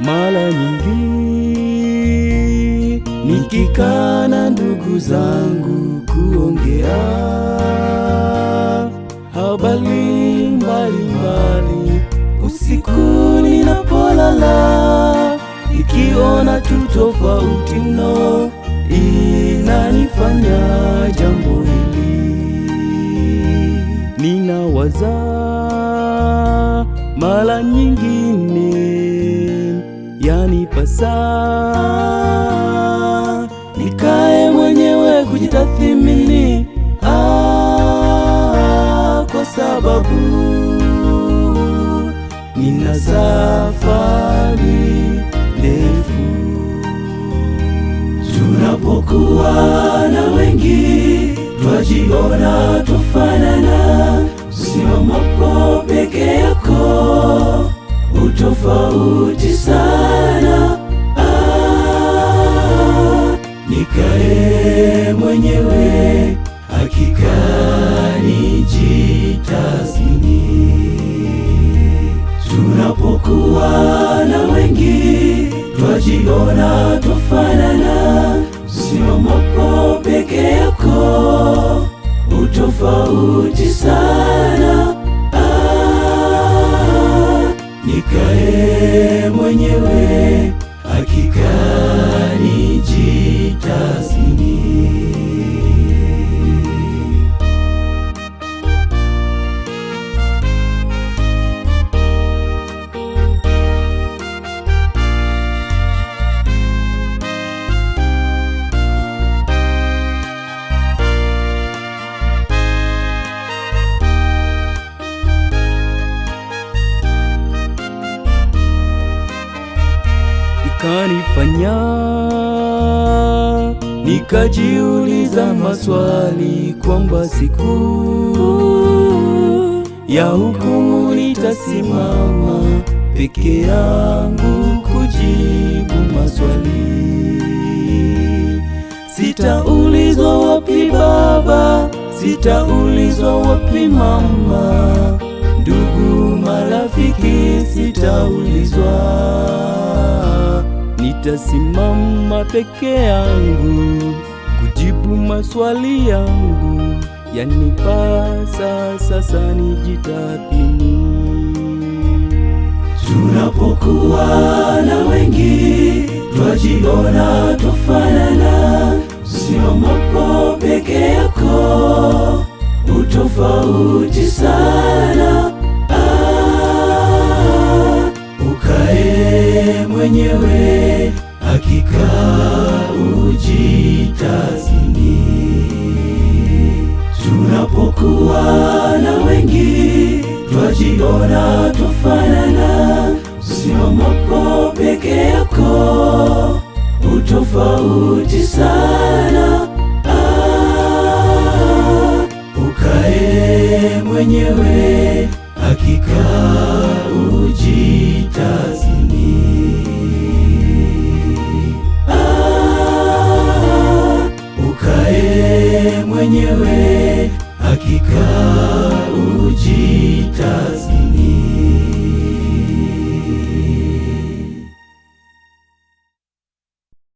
Mara nyingi nikikana ndugu zangu kuongea habari mbalimbali, usiku ninapolala, ikiona tu tofauti mno, inanifanya jambo hili ninawaza mara nyingine yanipasa, nikae mwenyewe kujitathimini, ah, kwa sababu nina safari ndefu. Tunapokuwa na wengi twajiona tufanana, usimamapo peke yako utofauti sana. mwenyewe, hakika nijitathmini. Tunapokuwa na wengi, twajiona twafanana. Usimamapo peke yako utofauti sana. akanifanya nikajiuliza maswali kwamba siku ya hukumu nitasimama peke yangu kujibu maswali. Sitaulizwa wapi baba, sitaulizwa wapi mama, ndugu, marafiki, sitaulizwa nitasimama peke yangu kujibu maswali yangu yanipasa sasa nijitathmini. Tunapokuwa na wengi twajiona sio mapo peke yako utofauti sana mwenyewe, hakika ujitazini. Tunapokuwa na wengi, twajiona twafanana. Usimamapo peke yako, utofauti sana. Ah, ukae mwenyewe hakika ujitathmini, ah, ukae mwenyewe, hakika ujitathmini.